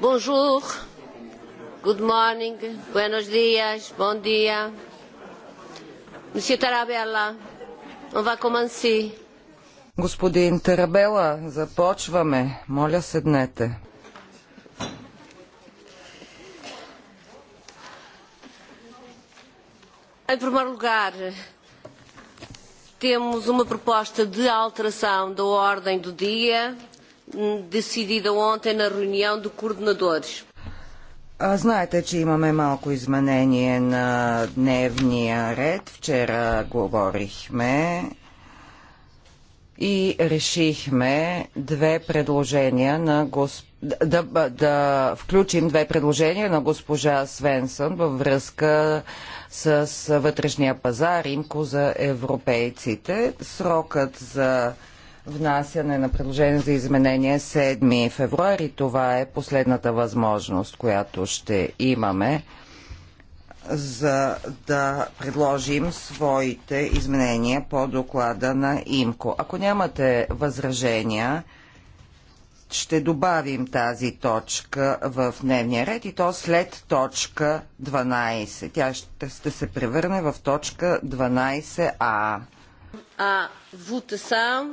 Bonjour. Good morning. Buenos dias. Bom dia. Monsieur Tarabella, on va commencer. Господин Тарабела, започваме. Моля, седнете. Em primeiro lugar, temos uma proposta de alteração da ordem do dia decidida ontem na reunião de coordenadores. Знаете, че имаме малко изменение на дневния ред. Вчера говорихме и решихме две предложения на госп... да, да, да включим две предложения на госпожа Свенсън във връзка с вътрешния пазар, имко за европейците. Срокът за внасяне на предложение за изменение 7 февруари. Това е последната възможност, която ще имаме за да предложим своите изменения по доклада на ИМКО. Ако нямате възражения, ще добавим тази точка в дневния ред и то след точка 12. Тя ще, ще се превърне в точка 12А. А, Са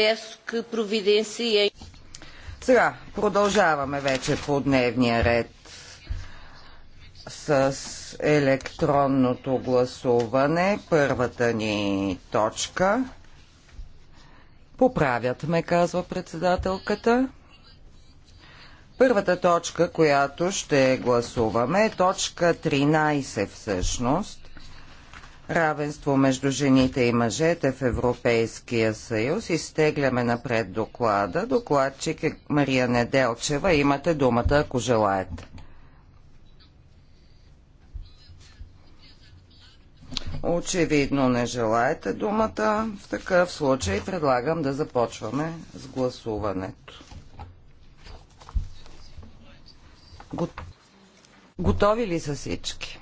peço que providenciem. Сега продължаваме вече по дневния ред с електронното гласуване. Първата ни точка. Поправят ме, казва председателката. Първата точка, която ще гласуваме е точка 13 всъщност равенство между жените и мъжете в Европейския съюз. Изтегляме напред доклада. Докладчик е Мария Неделчева. Имате думата, ако желаете. Очевидно не желаете думата. В такъв случай предлагам да започваме с гласуването. Готови ли са всички?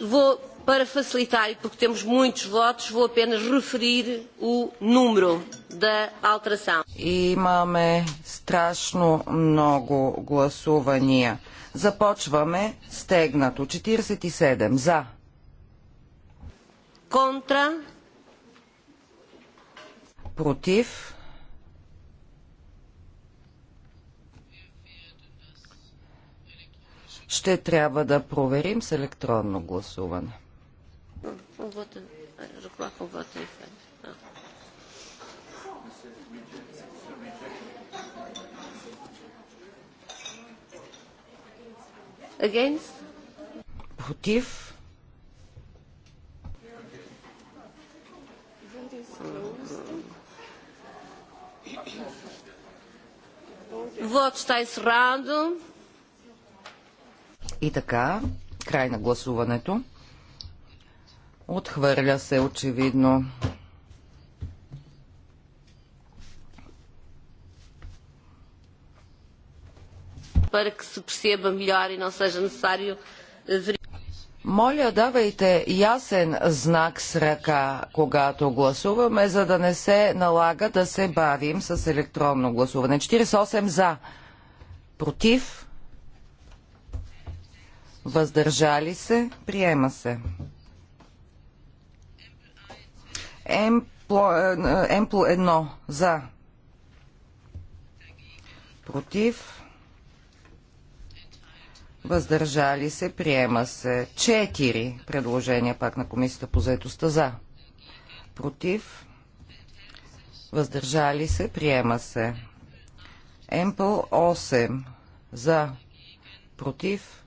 В Para facilitar, e porque temos muitos votos, vou apenas referir o número da alteração. Имаме страшно много гласувания. Започваме стегнато. 47 за. Контра. Против. Ще трябва да проверим с електронно гласуване. On vote, je crois qu'on vote les fans. Against? Против? Вот está encerrado. И така, край на гласуването. Отхвърля се очевидно. E моля, давайте ясен знак с ръка, когато гласуваме, за да не се налага да се бавим с електронно гласуване. 48 за, против, въздържали се, приема се. Емпло 1 е, за. Против. Въздържали се. Приема се. 4 предложения пак на комисията по заетостта за. Против. Въздържали се. Приема се. Емпл 8 за. Против.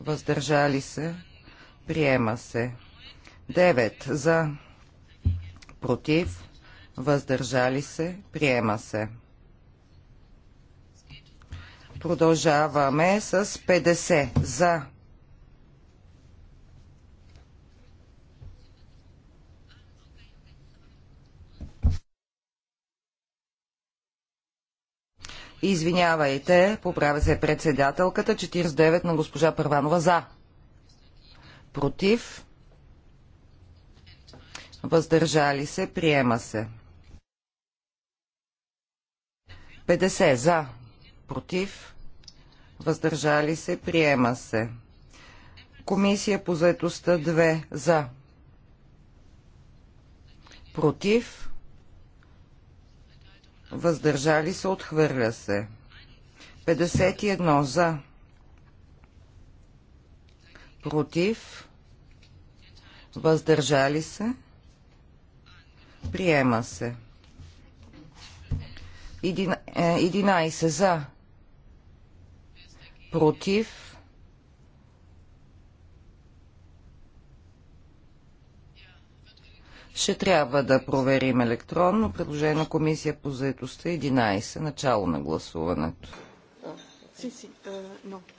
Въздържали се. Приема се. 9 за против, въздържали се, приема се. Продължаваме с 50 за. Извинявайте, поправя се председателката, 49 на госпожа Първанова за. Против, въздържали се, приема се. 50 за, против, въздържали се, приема се. Комисия по заедостта 2 за, против, въздържали се, отхвърля се. 51 за, против, въздържали се, Приема се. 11 е, за. Против. Ще трябва да проверим електронно. Предложение на комисия по заедостта 11. Начало на гласуването. Е,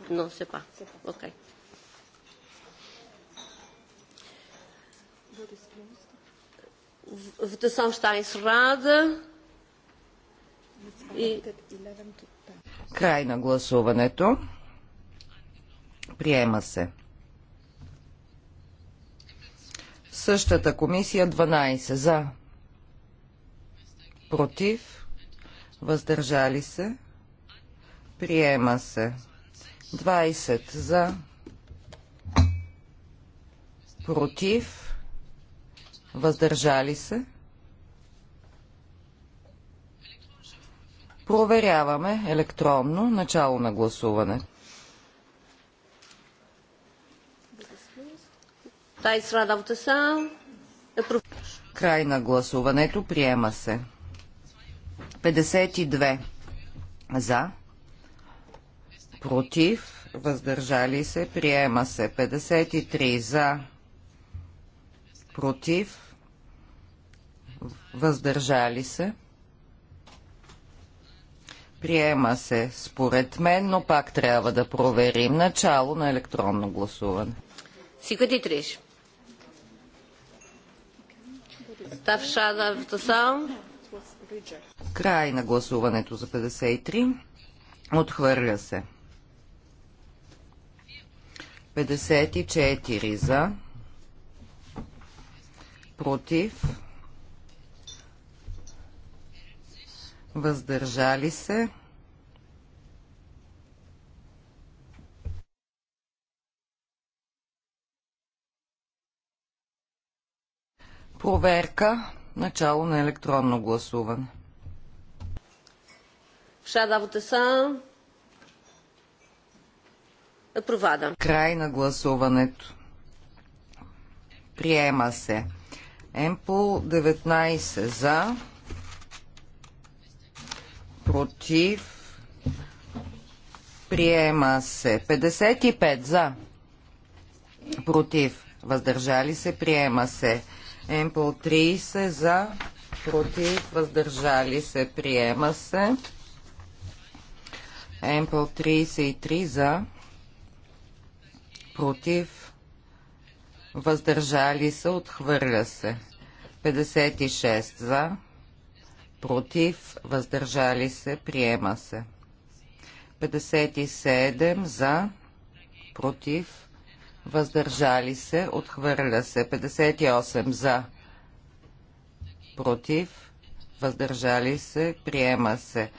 но. все пак. Окей. A votação está encerrada. E Край на гласуването. Приема се. Същата комисия 12 за. Против. Въздържали се. Приема се. 20 за. Против въздържали се. Проверяваме електронно начало на гласуване. Край на гласуването приема се. 52 за, против, въздържали се, приема се. 53 за, против, въздържали се. Приема се според мен, но пак трябва да проверим начало на електронно гласуване. Секунди триш. Край на гласуването за 53. Отхвърля се. 54 за против, въздържали се. Проверка. Начало на електронно гласуване. Шадавата са Край на гласуването. Приема се. Емпол 19 за, против, приема се 55 за, против, въздържали се, приема се Емпол 30 за, против, въздържали се, приема се Емпол 33 за, против, въздържали се, отхвърля се. 56 за, против, въздържали се, приема се. 57 за, против, въздържали се, отхвърля се. 58 за, против, въздържали се, приема се.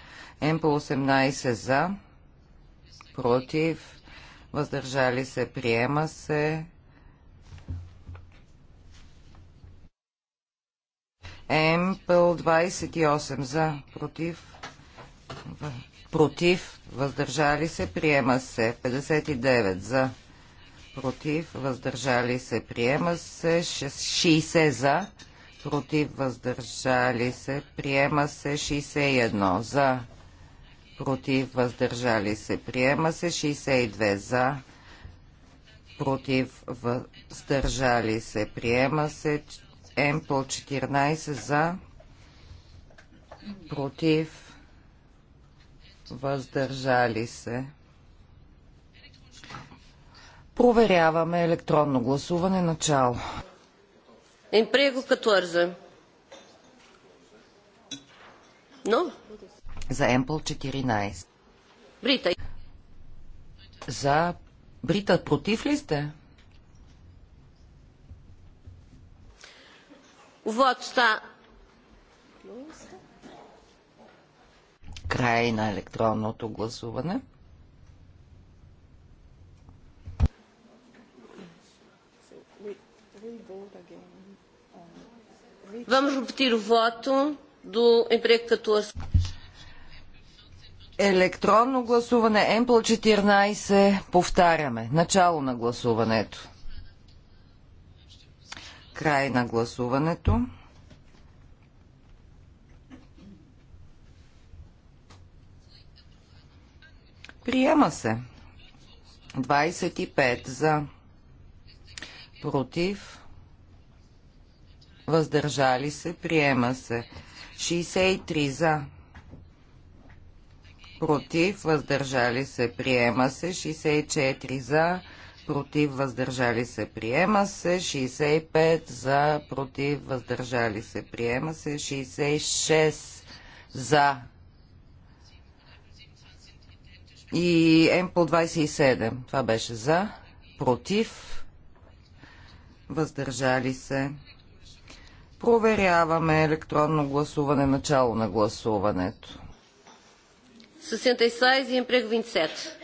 М по 18 за, против, въздържали се, приема се. МПЛ 28 за, против, против, въздържали се, приема се. 59 за, против, въздържали се, приема се. 60 за, против, въздържали се, приема се. 61 за, против, въздържали се, приема се. 62 за, против, въздържали се, приема се по 14 за, против, въздържали се. Проверяваме електронно гласуване начало. като арзе. Но? За Емпл 14. Брита. За Брита против ли сте? O voto Край на електронното гласуване. Vamos repetir o voto do emprego 14. Електронно гласуване МПЛ 14. Повтаряме. Начало на гласуването. Край на гласуването. Приема се. 25 за. Против. Въздържали се. Приема се. 63 за. Против. Въздържали се. Приема се. 64 за против, въздържали се, приема се. 65 за, против, въздържали се, приема се. 66 за и М по 27. Това беше за, против, въздържали се. Проверяваме електронно гласуване, начало на гласуването. 66 и 27.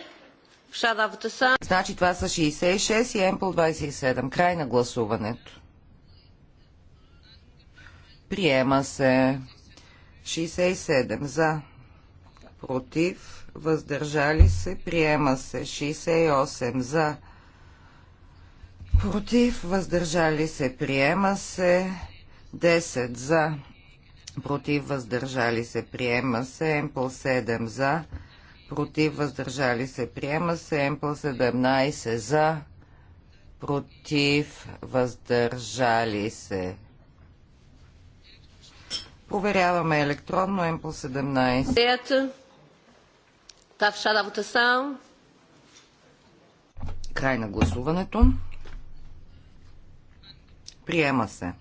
Значи това са 66 и Емпл 27. Край на гласуването. Приема се 67 за, против, въздържали се, приема се 68 за, против, въздържали се, приема се 10 за, против, въздържали се, приема се, Емпл 7 за, против, въздържали се, приема се. Емпл 17 за, против, въздържали се. Проверяваме електронно Емпл 17. Está fechada a votação. Край на гласуването. Приема се.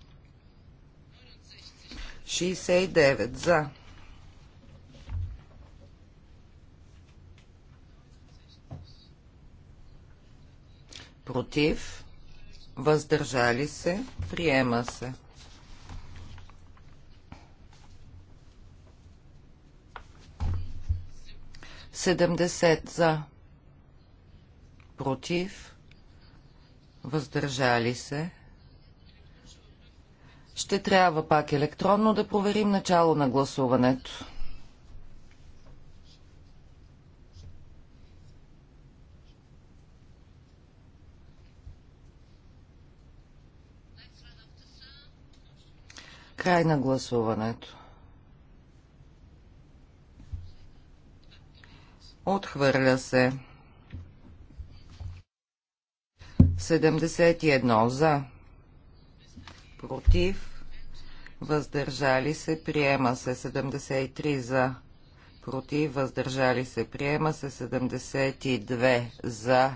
69 за. против, въздържали се, приема се. Седемдесет за, против, въздържали се. Ще трябва пак електронно да проверим начало на гласуването. Край на гласуването. Отхвърля се. 71 за. Против. Въздържали се. Приема се. 73 за. Против. Въздържали се. Приема се. 72 за.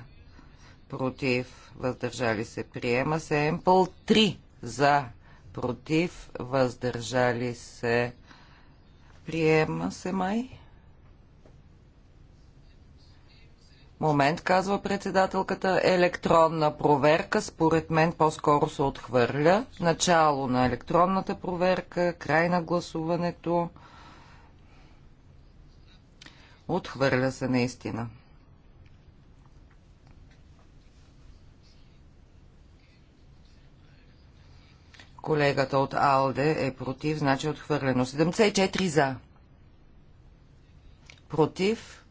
Против. Въздържали се. Приема се. Емпъл 3 за против, въздържали се. Приема се май. Момент, казва председателката, електронна проверка, според мен по-скоро се отхвърля. Начало на електронната проверка, край на гласуването. Отхвърля се наистина. Колегата от АЛДЕ е против, значи е отхвърлено. 74 за. Против.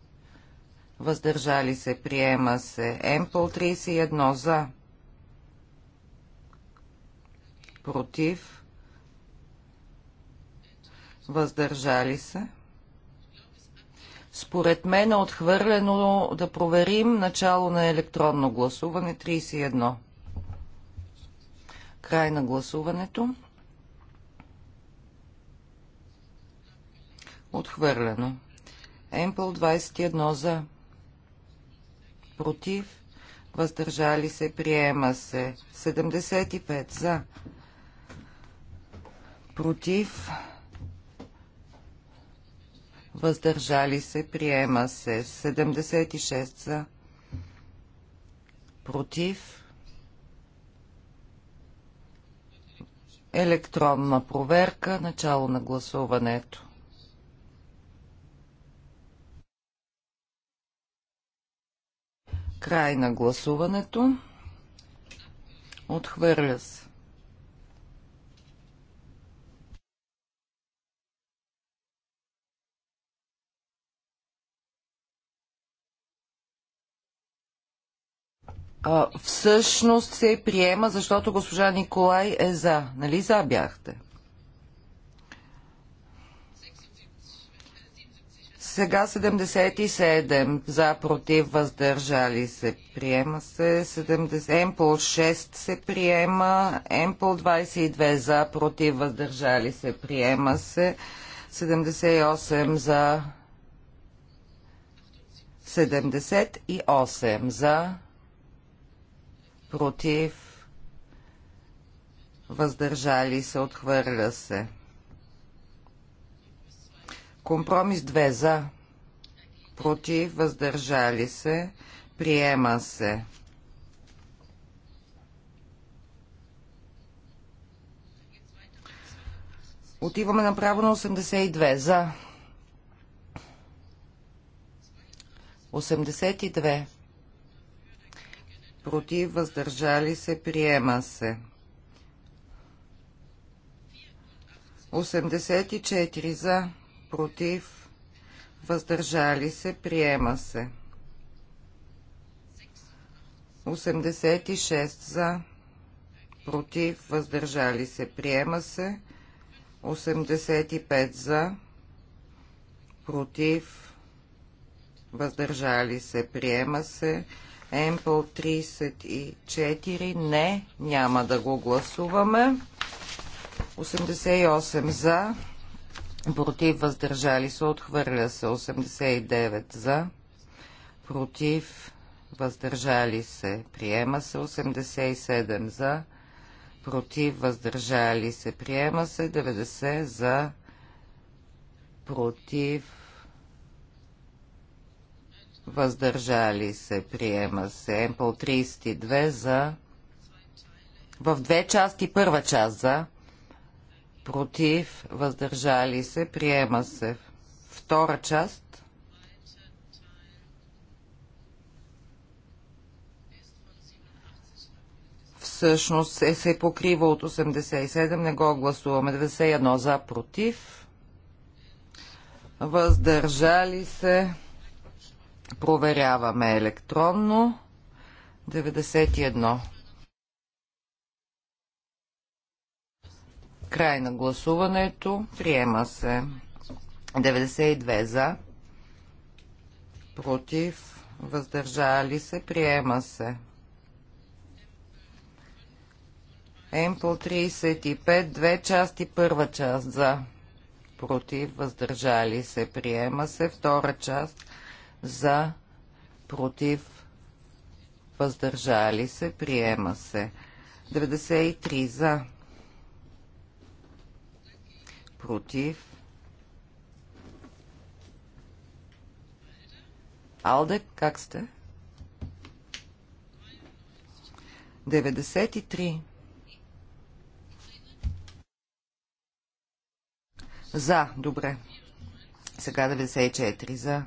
Въздържали се. Приема се. МПЛ 31 за. Против. Въздържали се. Според мен е отхвърлено да проверим начало на електронно гласуване 31. Край на гласуването. Отхвърлено. Емпл 21 за. Против. Въздържали се. Приема се. 75 за. Против. Въздържали се. Приема се. 76 за. Против електронна проверка, начало на гласуването. Край на гласуването. Отхвърля се. а, всъщност се приема, защото госпожа Николай е за. Нали за бяхте? Сега 77 за, против, въздържали се. Приема се 70. по 6 се приема. Емпл 22 за, против, въздържали се. Приема се 78 за. 78 за против, въздържали се, отхвърля се. Компромис 2 за, против, въздържали се, приема се. Отиваме направо на 82. За. 82 против, въздържали се, приема се. 84 за, против, въздържали се, приема се. 86 за, против, въздържали се, приема се. 85 за, против, въздържали се, приема се. Емпл 34. Не, няма да го гласуваме. 88 за. Против въздържали се. Отхвърля се. 89 за. Против въздържали се. Приема се. 87 за. Против въздържали се. Приема се. 90 за. Против въздържали се, приема се. Емпл 32 за, в две части, първа част за, против, въздържали се, приема се. Втора част. Всъщност е, се покрива от 87, не го гласуваме. 91 за, против, въздържали се. Проверяваме електронно. 91. Край на гласуването. Приема се. 92 за. Против. Въздържали се. Приема се. Емпл 35. Две части. Първа част за. Против. Въздържали се. Приема се. Втора част за, против, въздържали се, приема се. 93 за, против. Алде, как сте? 93. За, добре. Сега 94 за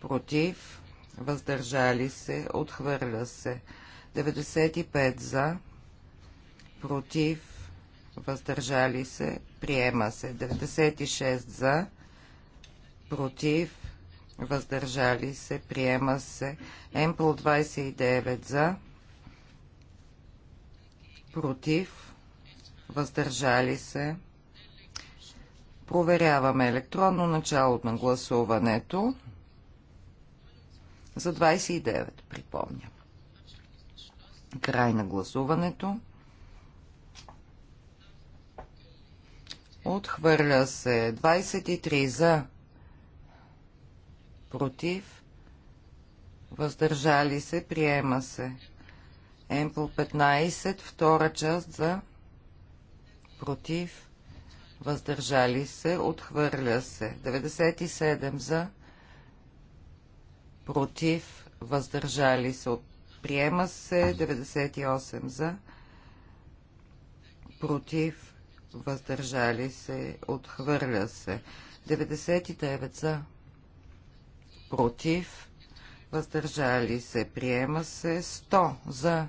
против, въздържали се, отхвърля се. 95 за, против, въздържали се, приема се. 96 за, против, въздържали се, приема се. Емпл 29 за, против, въздържали се. Проверяваме електронно начало на гласуването за 29, припомня. Край на гласуването. Отхвърля се 23 за, против, въздържали се, приема се. Емпл 15, втора част за, против, въздържали се, отхвърля се. 97 за, против против, въздържали се. Приема се 98 за, против, въздържали се, отхвърля се. 99 за, против, въздържали се, приема се 100 за,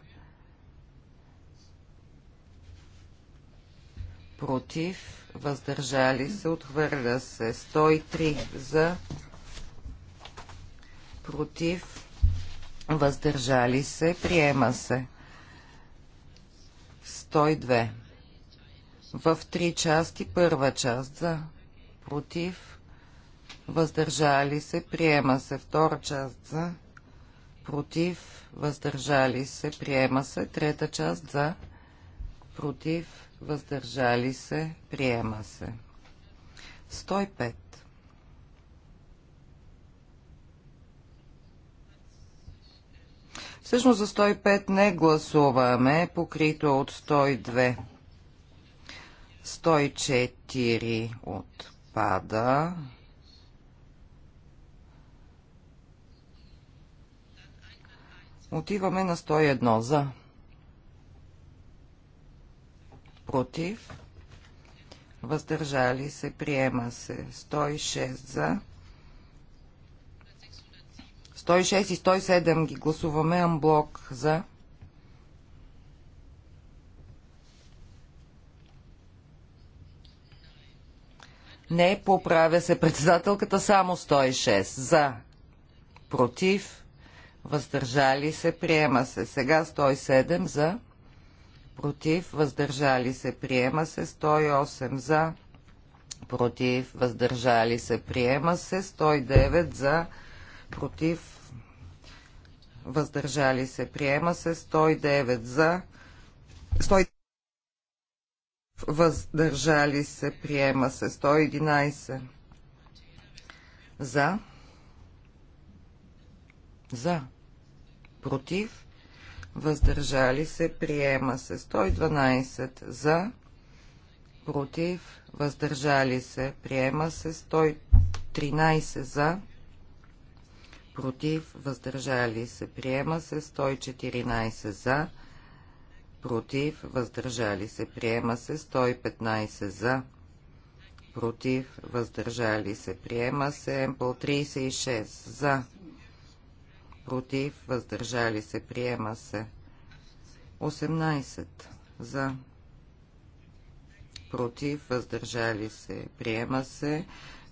против, въздържали се, отхвърля се 103 за, против, против, въздържали се, приема се. 102. В три части, първа част за, против, въздържали се, приема се. Втора част за, против, въздържали се, приема се. Трета част за, против, въздържали се, приема се. 105. Всъщност за 105 не гласуваме, покрито от 102. 104 отпада. Отиваме на 101 за. Против. Въздържали се. Приема се. 106 за. 106 и 107 ги гласуваме амблок за. Не, поправя се председателката само 106. За. Против. Въздържали се. Приема се. Сега 107 за. Против. Въздържали се. Приема се. 108 за. Против. Въздържали се. Приема се. 109 за. Против въздържали се, приема се 109 за, 100, въздържали се, приема се 111 за, за, против, въздържали се, приема се 112 за, против, въздържали се, приема се 113 за, против, въздържали се, приема се 114 за, против, въздържали се, приема се 115 за, против, въздържали се, приема се МПЛ 36 за, против, въздържали се, приема се 18 за, против, въздържали се, приема се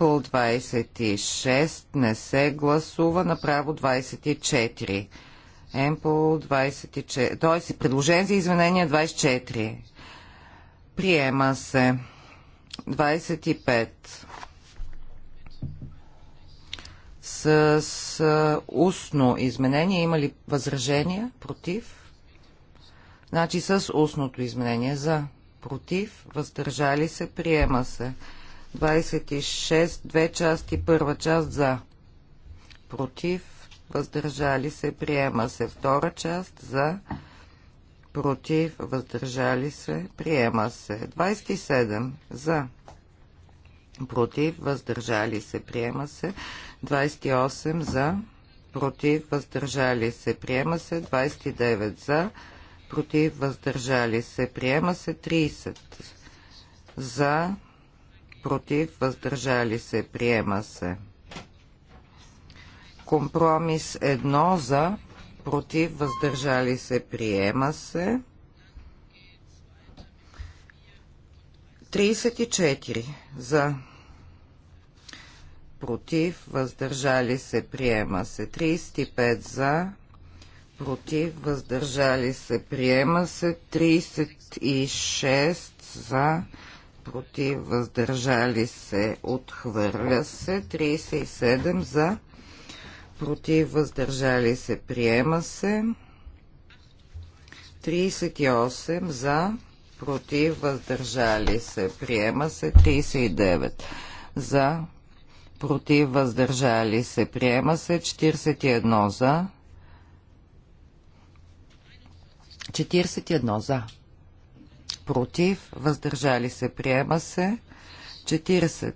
Емпл 26 не се гласува, направо 24. Емпл 24. Тоест, предложение за изменение 24. Приема се. 25. С, с устно изменение има ли възражения? Против? Значи с устното изменение за. Против? Въздържали се? Приема се. 26, две части, първа част за, против, въздържали се, приема се втора част за, против, въздържали се, приема се 27 за, против, въздържали се, приема се 28 за, против, въздържали се, приема се 29 за, против, въздържали се, приема се 30 за, против, въздържали се, приема се. Компромис 1 за, против, въздържали се, приема се. 34 за, против, въздържали се, приема се. 35 за, против, въздържали се, приема се. 36 за, против, въздържали се, отхвърля се. 37 за, против, въздържали се, приема се. 38 за, против, въздържали се, приема се. 39 за, против, въздържали се, приема се. 41 за, 41 за против, въздържали се, приема се. 40.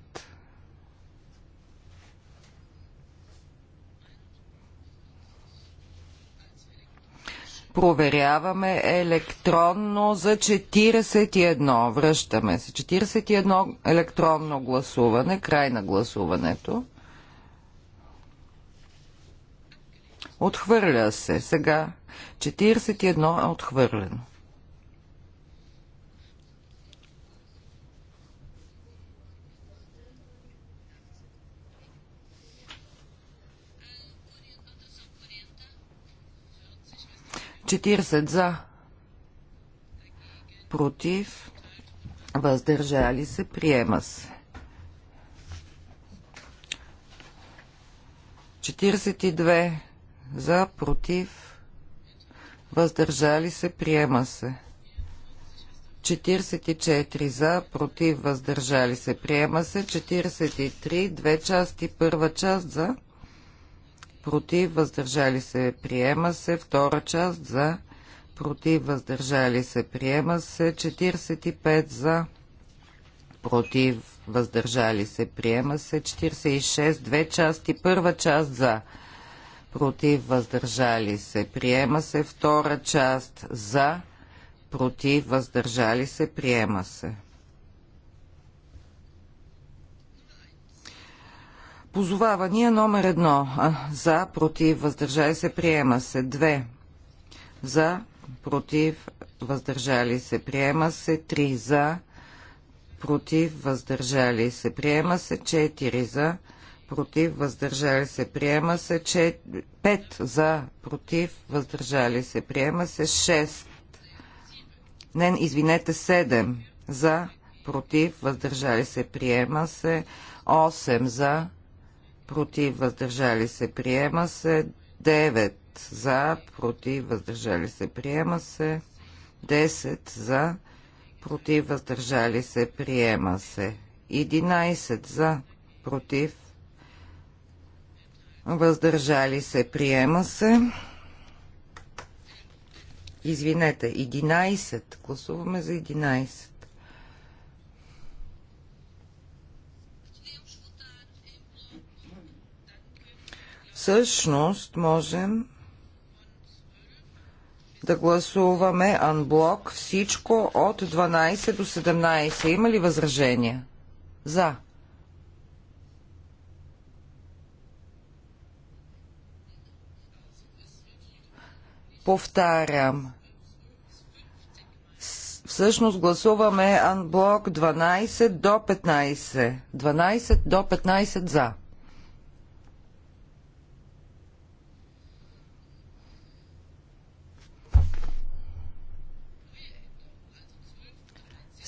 Проверяваме електронно за 41. Връщаме се. 41 електронно гласуване, край на гласуването. Отхвърля се. Сега 41 е отхвърлено. 40 за, против, въздържали се, приема се. 42 за, против, въздържали се, приема се. 44 за, против, въздържали се, приема се. 43, две части, първа част за, против, въздържали се, приема се. Втора част за, против, въздържали се, приема се. 45 за, против, въздържали се, приема се. 46, две части, първа част за, против, въздържали се, приема се. Втора част за, против, въздържали се, приема се. Позовавания номер едно. За, против, въздържали се, приема се. Две. За, против, въздържали се, приема се. Три. За, против, въздържали се, приема се. Четири. За, против, въздържали се, приема се. Чет... Пет. За, против, въздържали се, приема се. Шест. Не, извинете, седем. За, против, въздържали се, приема се. Осем. За, против, въздържали се, приема се. 9 за, против, въздържали се, приема се. 10 за, против, въздържали се, приема се. 11 за, против, въздържали се, приема се. Извинете, 11. Гласуваме за 11. Всъщност можем да гласуваме анблок всичко от 12 до 17. Има ли възражения? За. Повтарям. Всъщност гласуваме анблок 12 до 15. 12 до 15 за.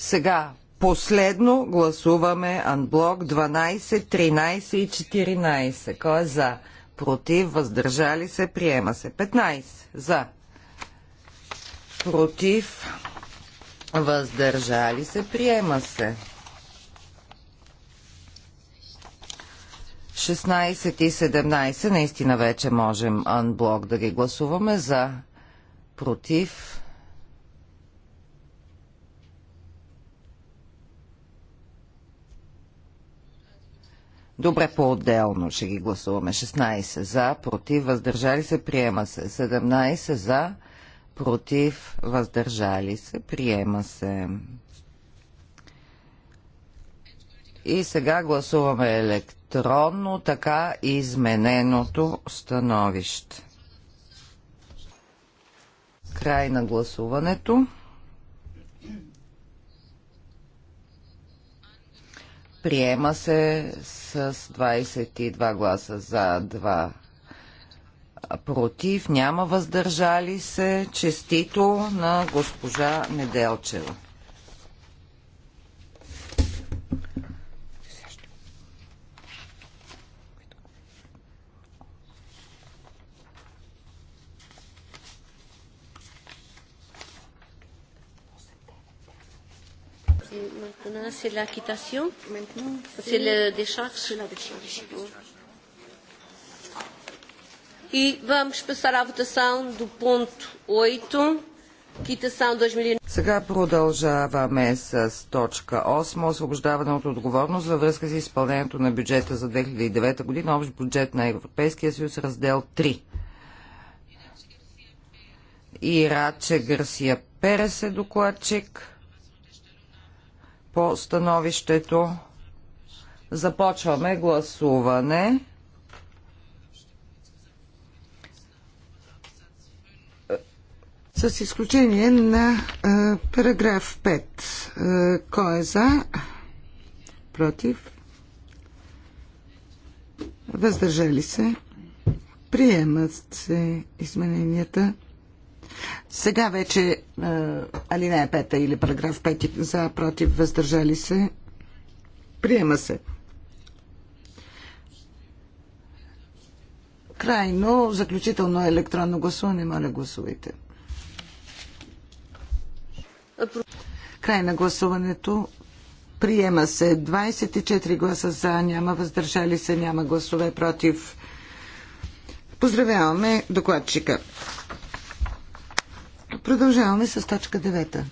Сега последно гласуваме анблок 12, 13 и 14. Кой е за? Против, въздържали се, приема се. 15. За. Против, въздържали се, приема се. 16 и 17 наистина вече можем анблок да ги гласуваме за против Добре, по-отделно ще ги гласуваме. 16 за, против, въздържали се, приема се. 17 за, против, въздържали се, приема се. И сега гласуваме електронно, така и измененото становище. Край на гласуването. Приема се с 22 гласа за 2 против, няма въздържали се. Честито на госпожа Неделчева. Maintenant, c'est la quittation. Maintenant, c'est la décharge. C'est la décharge. E vamos passar à votação do ponto 8, quitação 2019. E um. Сега продължаваме с точка 8, освобождаване от отговорност във връзка с изпълнението на бюджета за 2009 година, общ бюджет на Европейския съюз, раздел 3. Ираче Гарсия Перес е докладчик по становището. Започваме гласуване. С изключение на а, параграф 5. А, кой е за? Против? Въздържали се? Приемат се измененията. Сега вече е, алинея 5 или параграф 5 за, против, въздържали се. Приема се. Крайно, заключително електронно гласуване. Моля, гласувайте. Край на гласуването. Приема се 24 гласа за, няма въздържали се, няма гласове против. Поздравяваме докладчика. Продължаваме с точка 9.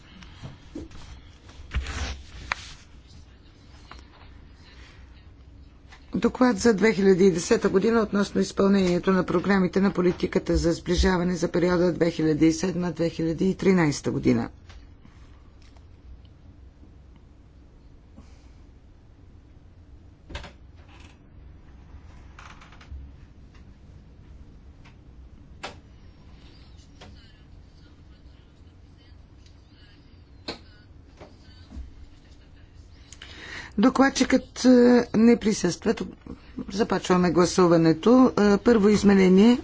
Доклад за 2010 година относно изпълнението на програмите на политиката за сближаване за периода 2007-2013 година. Докладчикът е, не присъства. Започваме гласуването. Е, първо изменение.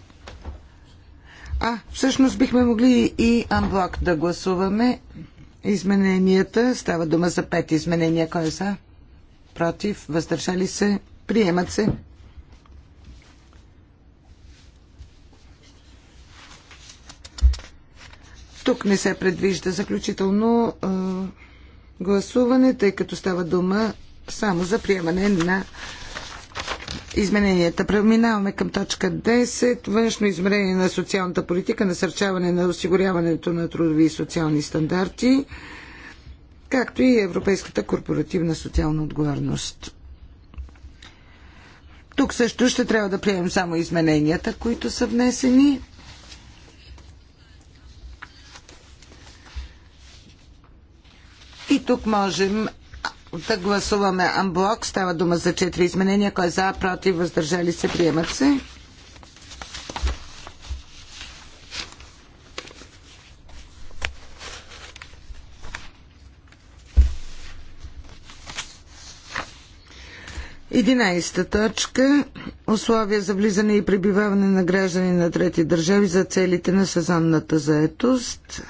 А, всъщност бихме могли и анблок да гласуваме измененията. Става дума за пет изменения. Кой е за? Против? Въздържали се? Приемат се? Тук не се предвижда заключително е, гласуване, тъй като става дума само за приемане на измененията. Преминаваме към точка 10. Външно измерение на социалната политика, насърчаване на осигуряването на трудови и социални стандарти, както и Европейската корпоративна социална отговорност. Тук също ще трябва да приемем само измененията, които са внесени. И тук можем да гласуваме амблок. Става дума за четири изменения. Кой е за, против, въздържали се, приемат се. Единайста точка. Условия за влизане и пребиваване на граждани на трети държави за целите на сезонната заетост.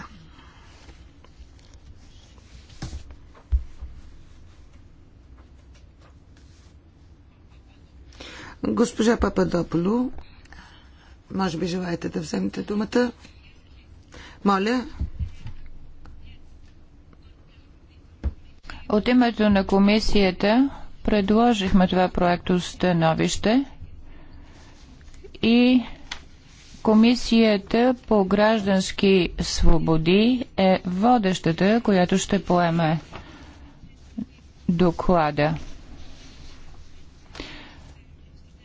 Госпожа Пападополо, може би желаете да вземете думата. Моля. От името на комисията предложихме това проекто становище и Комисията по граждански свободи е водещата, която ще поеме доклада.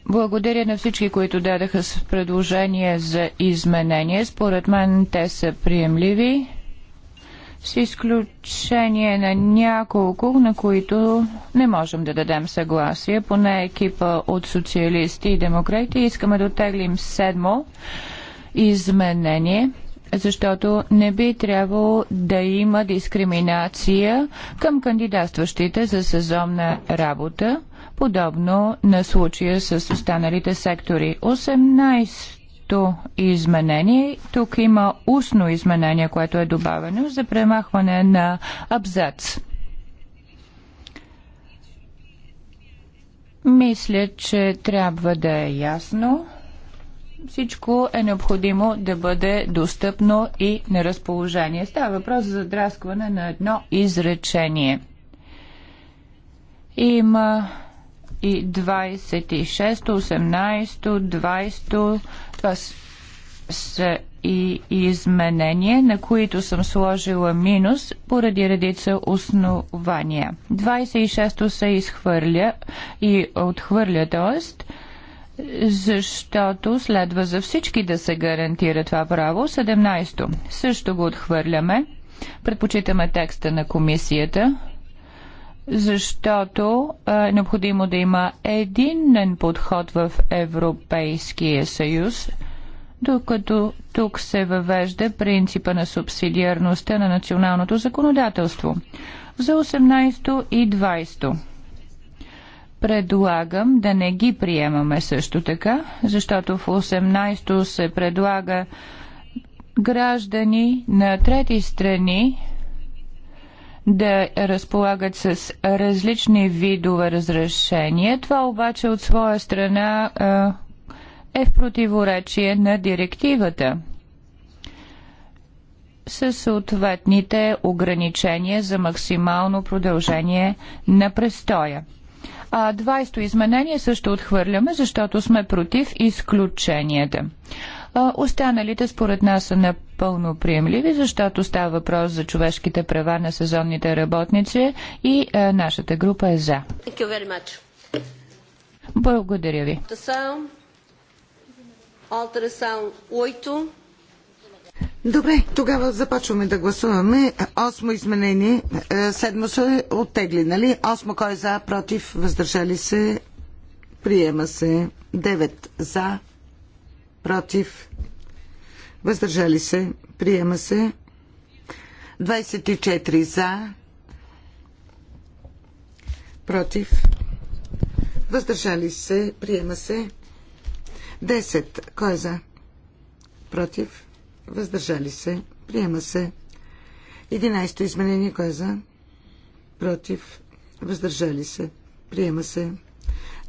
Благодаря на всички, които дадаха с предложение за изменение. Според мен те са приемливи, с изключение на няколко, на които не можем да дадем съгласие. Поне екипа от социалисти и демократи искаме да оттеглим седмо изменение защото не би трябвало да има дискриминация към кандидатстващите за сезонна работа подобно на случая с останалите сектори. 18 изменение. Тук има устно изменение, което е добавено за премахване на абзац. Мисля, че трябва да е ясно. Всичко е необходимо да бъде достъпно и на разположение. Става въпрос за драскване на едно изречение. Има и 26, 18, 20 това са и изменения, на които съм сложила минус поради редица основания. 26 се изхвърля и отхвърля, т.е защото следва за всички да се гарантира това право. 17. Също го отхвърляме. Предпочитаме текста на комисията защото е необходимо да има единен подход в Европейския съюз, докато тук се въвежда принципа на субсидиарността на националното законодателство. За 18 и 20 предлагам да не ги приемаме също така, защото в 18 се предлага граждани на трети страни да разполагат с различни видове разрешения. Това обаче от своя страна е в противоречие на директивата със съответните ограничения за максимално продължение на престоя. А 20-то изменение също отхвърляме, защото сме против изключенията. Останалите според нас са напълно приемливи, защото става въпрос за човешките права на сезонните работници и нашата група е за. Благодаря ви. Добре, тогава започваме да гласуваме. Осмо изменение. Е, седмо се оттегли, нали? Осмо кой е за, против, въздържали се, приема се. Девет за, против, въздържали се, приема се. 24 за, против, въздържали се, приема се. 10. Кой е за? Против, въздържали се, приема се. 11 изменение. Кой е за? Против, въздържали се, приема се.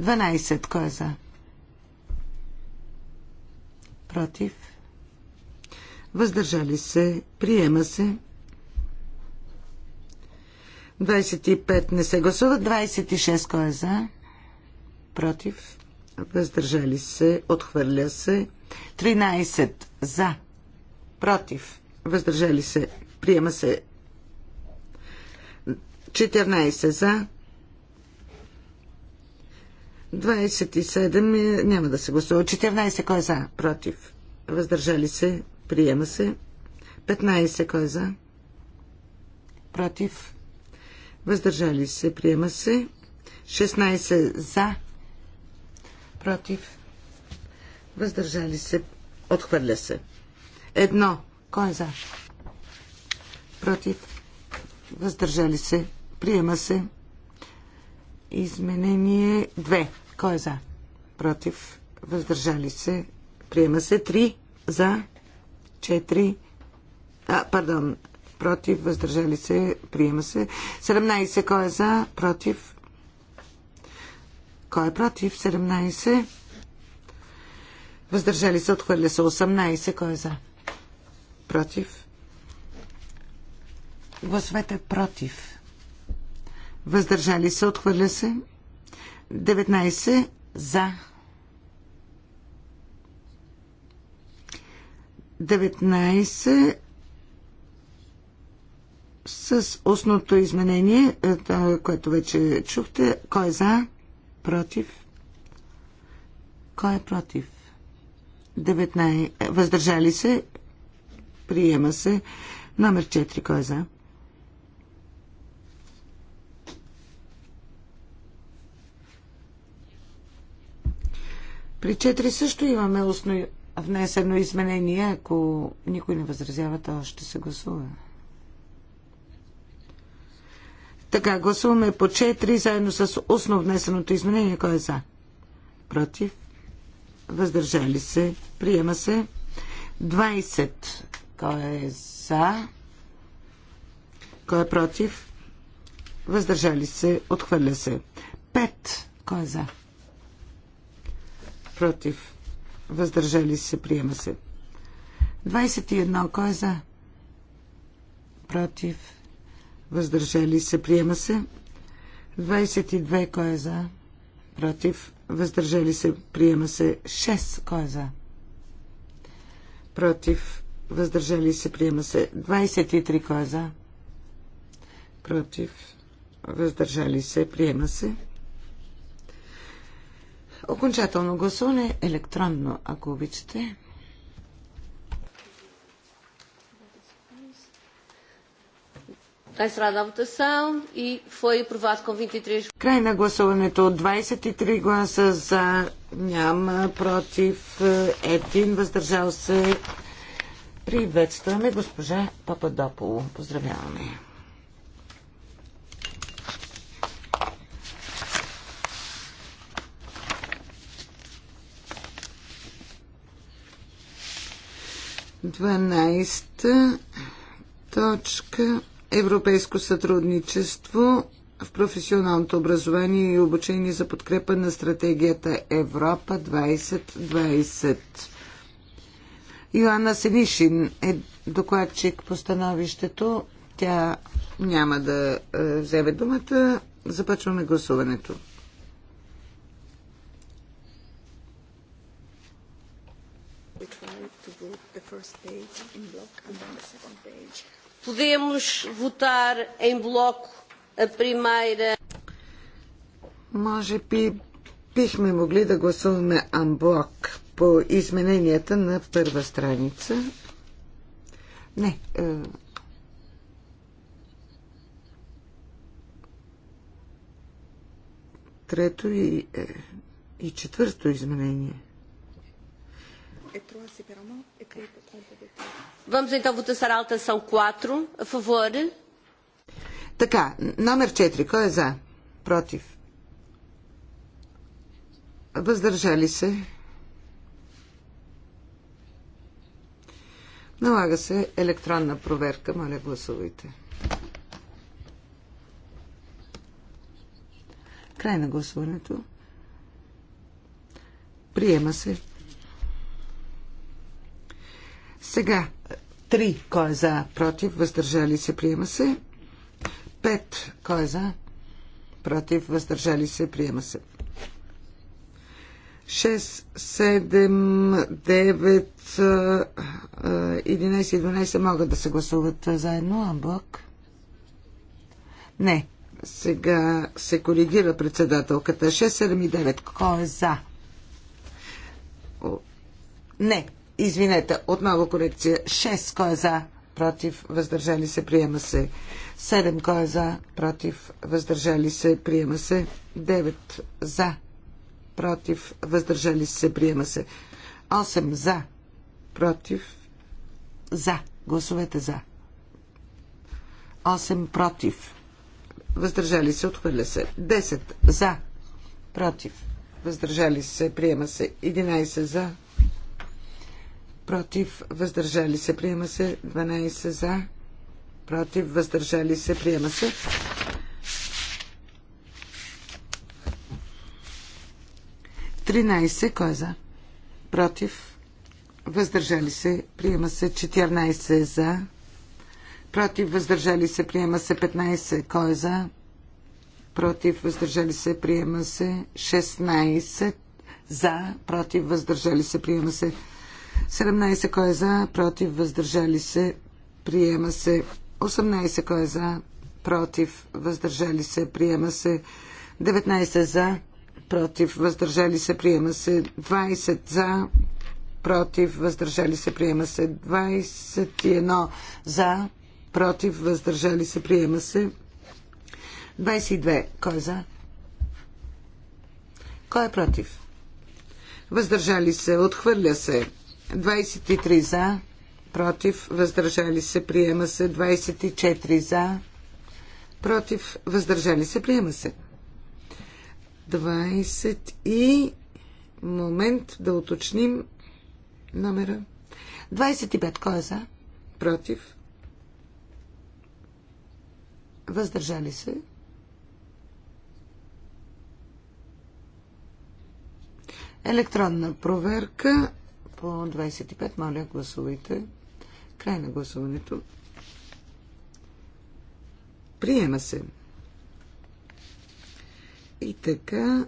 12. Кой е за? против, въздържали се, приема се. 25 не се гласува, 26 кой е за, против, въздържали се, отхвърля се. 13 за, против, въздържали се, приема се. 14 за, 27 е- няма да се гласува. 14 кой е за? Против. Въздържали се. Приема се. 15 кой е за? Против. Въздържали се. Приема се. 16 за. Против. Въздържали се. Отхвърля се. Едно. Кой е за? Против. Въздържали се. Приема се. Изменение 2. Кой е за? Против. Въздържали се. Приема се 3 за 4. А, пардон. Против. Въздържали се. Приема се. 17. Кой е за? Против. Кой е против? 17. Въздържали се. Отхвърля се. 18. Кой е за? Против. Гласовете против. Въздържали се. Отхвърля се. 19 за. 19 с устното изменение, е, което вече чухте. Кой е за? Против? Кой е против? 19. Въздържали се? Приема се. Номер 4. Кой е за? При 4 също имаме устно внесено изменение. Ако никой не възразява, то ще се гласува. Така, гласуваме по 4 заедно с устно внесеното изменение. Кой е за? Против? Въздържали се? Приема се? 20. Кой е за? Кой е против? Въздържали се? Отхвърля се. 5. Кой е за? против, въздържали се, приема се. 21. Кой е за? Против, въздържали се, приема се. 22. Кой е за? Против, въздържали се, приема се. 6. Кой е за? Против, въздържали се, приема се. 23. Кой е за? Против, въздържали се, приема се. Окончателно гласуване електронно, ако обичате. Край на гласуването от 23 гласа за, няма против, един въздържал се. Приветстваме госпожа Пападополо. Поздравяваме. 12 точка Европейско сътрудничество в професионалното образование и обучение за подкрепа на стратегията Европа 2020. Йоанна Селишин е докладчик по становището. Тя няма да е, вземе думата. Започваме гласуването. Podemos votar em bloco a primeira. Може би бихме могли да гласуваме анблок по измененията на първа страница. Не. Е... Трето и, е, и четвърто изменение. Е, трябва си е Vamos então votação à alteração 4. A favor? Така, номер 4. Кой е за? Против? Въздържали се? Налага се електронна проверка. Моля, гласувайте. Край на гласуването. Приема се. Сега, Три, Кой е за? Против? Въздържали се? Приема се. Пет, Кой е за? Против? Въздържали се? Приема се. 6, 7, 9, 11 и 12 могат да се гласуват заедно, амблок. Не. Сега се коригира председателката. 6, 7 и 9. Кой е за? Не. Извинете, отново корекция. 6. Кой е за? Против. Въздържали се. Приема се. 7. Кой е за? Против. Въздържали се. Приема се. 9. За. Против. Въздържали се. Приема се. 8. За. Против. За. Гласовете за. 8. Против. Въздържали се. Отхвърля се. 10. За. Против. Въздържали се. Приема се. 11. За против, въздържали се, приема се. 12 за, против, въздържали се, приема се. Тринайсе, кой е за? Против, въздържали се, приема се. 14 за, против, въздържали се, приема се. 15, кой е за? Против, въздържали се, приема се. 16 за, против, въздържали се, приема се. 17 кой е за, против, въздържали се, приема се. 18 кой е за, против, въздържали се, приема се. 19 за, против, въздържали се, приема се. 20 за, против, въздържали се, приема се. 21 за, против, въздържали се, приема се. 22 кой е за? Кой е против? Въздържали се, отхвърля се. 23 за, против, въздържали се, приема се. 24 за, против, въздържали се, приема се. 20 и момент да уточним номера. 25. Кой е за? Против? Въздържали се? Електронна проверка по 25. Моля, гласувайте. Край на гласуването. Приема се. И така.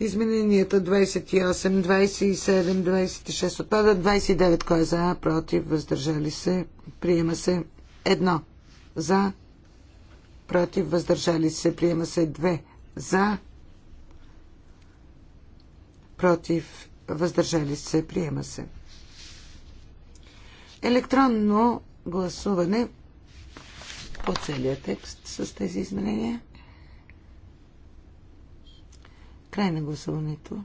Измененията 28, 27, 26 отпадат. 29 кой е за, против, въздържали се. Приема се едно. За, против, въздържали се. Приема се две. За, против, въздържали се, приема се. Електронно гласуване по целия текст с тези изменения. Край на гласуването.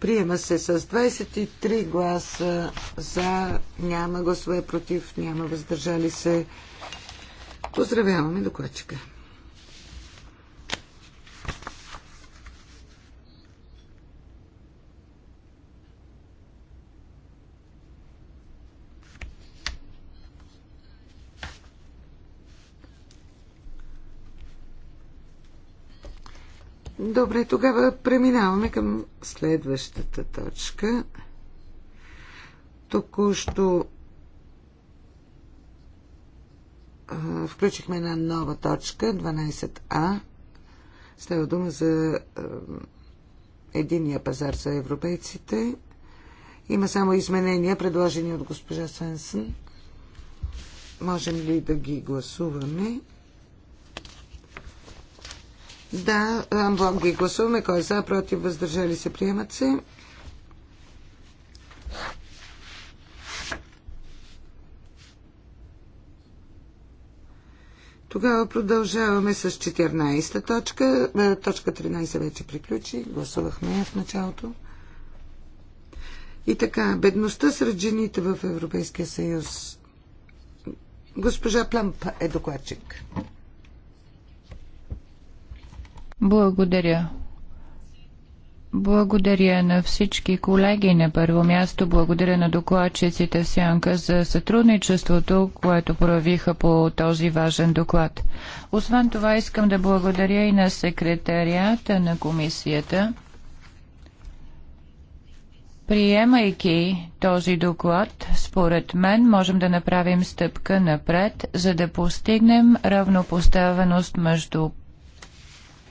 Приема се с 23 гласа за, няма гласове против, няма въздържали се. Поздравяваме докладчика. Добре, тогава преминаваме към следващата точка. Току-що включихме една нова точка, 12А. Става дума за единия пазар за европейците. Има само изменения, предложени от госпожа Свенсън. Можем ли да ги гласуваме? Да, амблок ги гласуваме. Кой е за, против, въздържали се, приемат се. Тогава продължаваме с 14-та точка. Е, точка 13 вече приключи. Гласувахме я в началото. И така, бедността сред жените в Европейския съюз. Госпожа Пламп е докладчик. Благодаря. Благодаря на всички колеги. На първо място благодаря на докладчиците Сянка за сътрудничеството, което проявиха по този важен доклад. Освен това искам да благодаря и на секретарията на комисията. Приемайки този доклад, според мен можем да направим стъпка напред, за да постигнем равнопоставеност между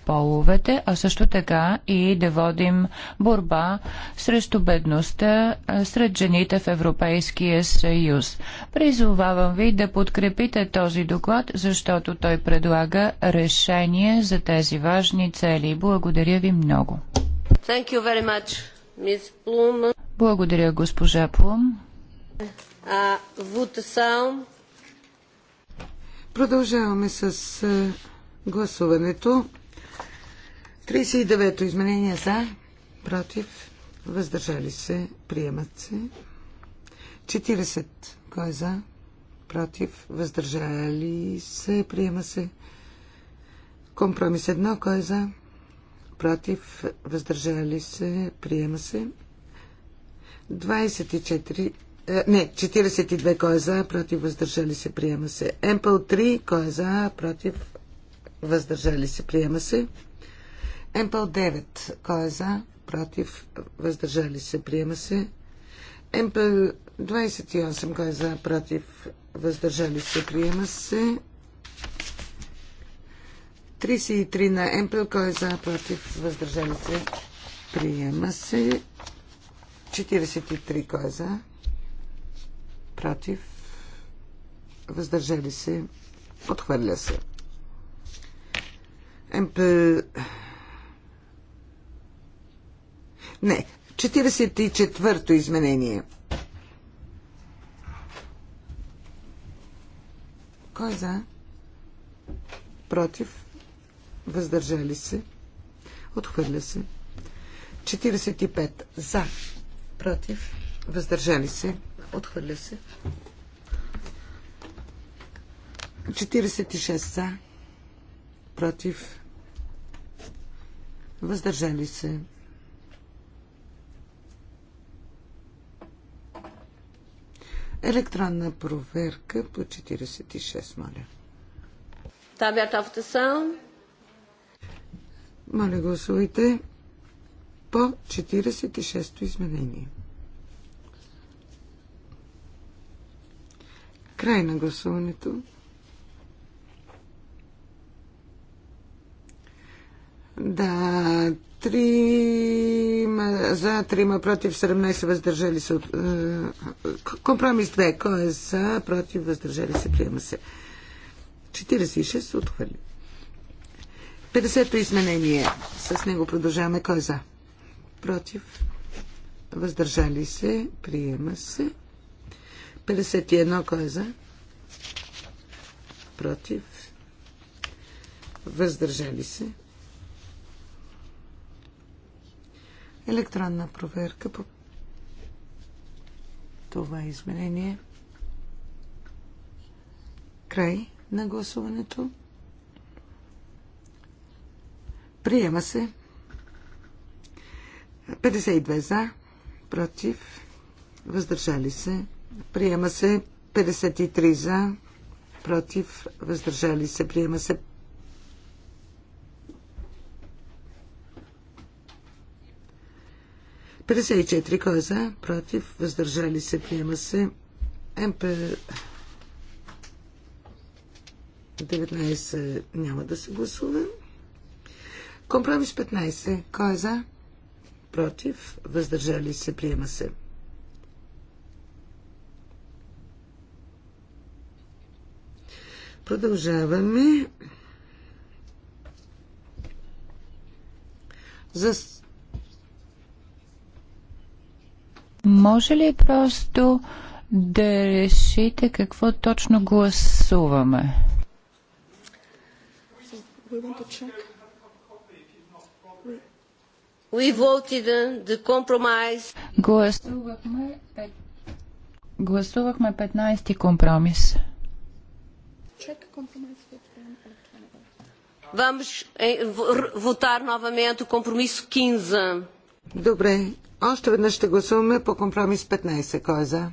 половете, а също така и да водим борба срещу бедността сред жените в Европейския съюз. Призовавам ви да подкрепите този доклад, защото той предлага решение за тези важни цели. Благодаря ви много. Thank you very much, Ms. Plum. Благодаря, госпожа Плум. Продължаваме с гласуването. 39-то изменение за, против, въздържали се, приемат се. 40. Кой е за? Против, въздържали се, приема се. Компромис 1. Кой е за? Против, въздържали се, приема се. 24. Е, не, 42 кой е за, против, въздържали се, приема се. МПЛ 3 кой е за, против, въздържали се, приема се. МПЛ 9. Кой е за? Против? Въздържали се? Приема се. МПЛ 28. Кой е за? Против? Въздържали се? Приема се. 33 на МПЛ. Кой е за? Против? Въздържали се? Приема се. 43. Кой е за? Против? Въздържали се? Отхвърля се. МП не, 44-то изменение. Кой е за? Против? Въздържали се? Отхвърля се. 45 за. Против? Въздържали се? Отхвърля се. 46 за. Против? Въздържали се? Електронна проверка по 46, моля. Табят автосъм. Моля, гласувайте по 46-то изменение. Край на гласуването. Да, трима за, трима против, 17 въздържали се. Е, компромис 2. Кой е за, против, въздържали се, приема се. 46 отхвърли. 50-то изменение. С него продължаваме. Кой е за? Против. Въздържали се. Приема се. 51. Кой е за? Против. Въздържали се. електронна проверка по това изменение. Край на гласуването. Приема се. 52 за, против, въздържали се. Приема се 53 за, против, въздържали се. Приема се 54. Кой е за? Против. Въздържали се. Приема се. МП 19 няма да се гласува. Компромис 15. Кой е за? Против. Въздържали се. Приема се. Продължаваме. За Може ли просто да решите какво точно гласуваме? We voted the compromise. Гласувахме, 15-ти компромис. Vamos eh, votar novamente o compromisso 15. Добре, още веднъж ще гласуваме по компромис 15. Кой е за?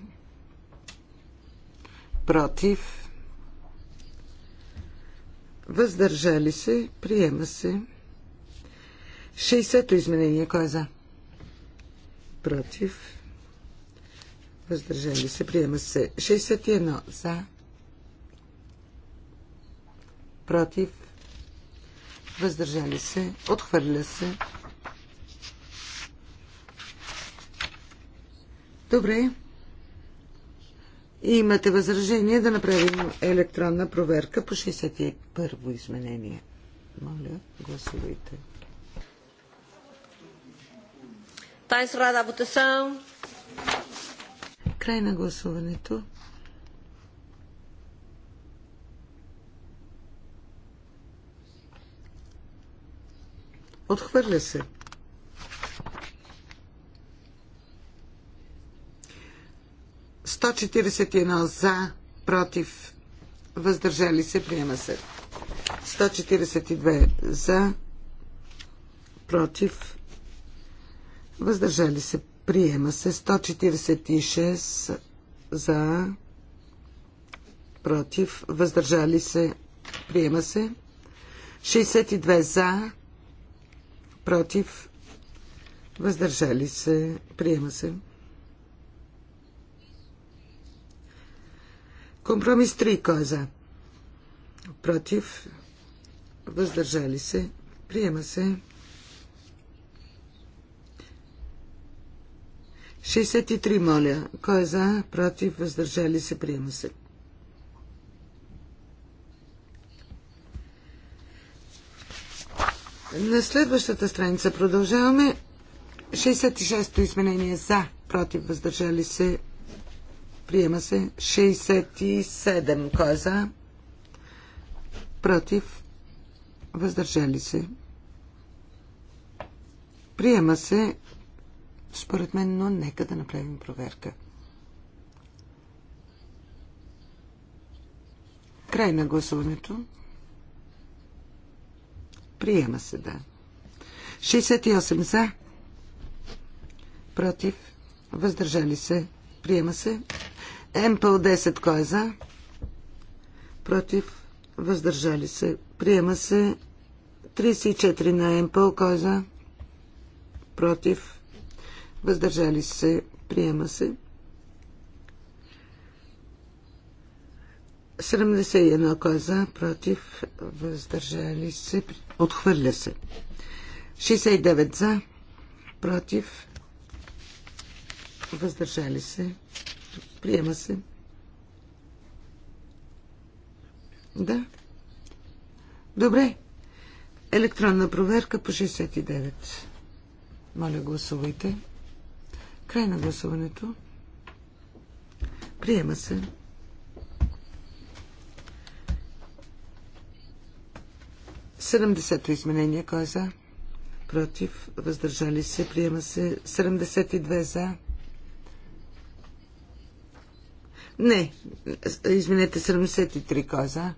Против. Въздържали се. Приема се. 60-то изменение. Кой е за? Против. Въздържали се. Приема се. 61 за. Против. Въздържали се. Отхвърля се. Добре. Имате възражение да направим електронна проверка по 61-во изменение. Моля, гласувайте. Está Рада a Край на гласуването. Отхвърля се. 141 за, против, въздържали се, приема се. 142 за, против, въздържали се, приема се. 146 за, против, въздържали се, приема се. 62 за, против, въздържали се, приема се. Компромис 3. Кой е за? Против. Въздържали се. Приема се. 63, моля. Кой е за? Против. Въздържали се. Приема се. На следващата страница продължаваме. 66-то изменение за, против, въздържали се, Приема се 67. Кой е за? Против. Въздържали се. Приема се, според мен, но нека да направим проверка. Край на гласуването. Приема се, да. 68 за. Против. Въздържали се. Приема се. МПЛ 10 кой е за? Против. Въздържали се. Приема се 34 на МПЛ кой е за? Против. Въздържали се. Приема се. 71 кой е за? Против. Въздържали се. Отхвърля се. 69 за. Против. Въздържали се. Приема се. Да. Добре. Електронна проверка по 69. Моля, гласувайте. Край на гласуването. Приема се. Седемдесето изменение. Кой е за? Против. Въздържали се. Приема се. 72 за. Не, извинете, 73 кой е за?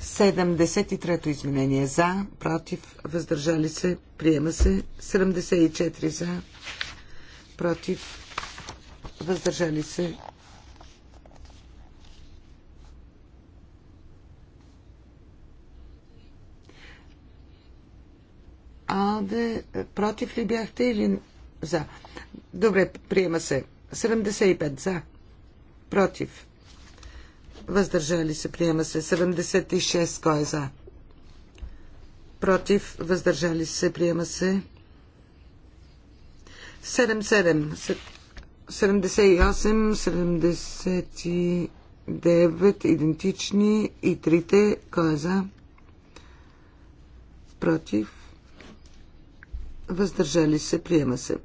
73-то изменение за, против, въздържали се, приема се. 74 за, против, въздържали се. А, да, против ли бяхте или за? Добре, приема се. 75 за. Против. Въздържали се. Приема се. 76. Кой е за? Против. Въздържали се. Приема се. 77. 78. 79. Идентични. И трите. Кой е за? Против. Въздържали се. Приема се.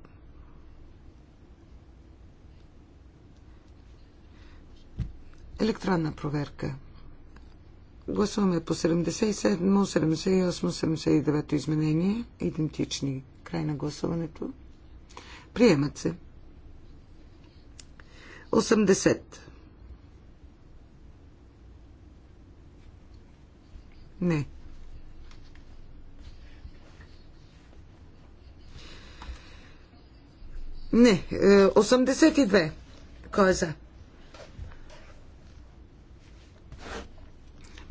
Електронна проверка. Гласуваме по 77, 78, 79 изменения. Идентични. Край на гласуването. Приемат се. 80. Не. Не. 82. Е, Кой е за?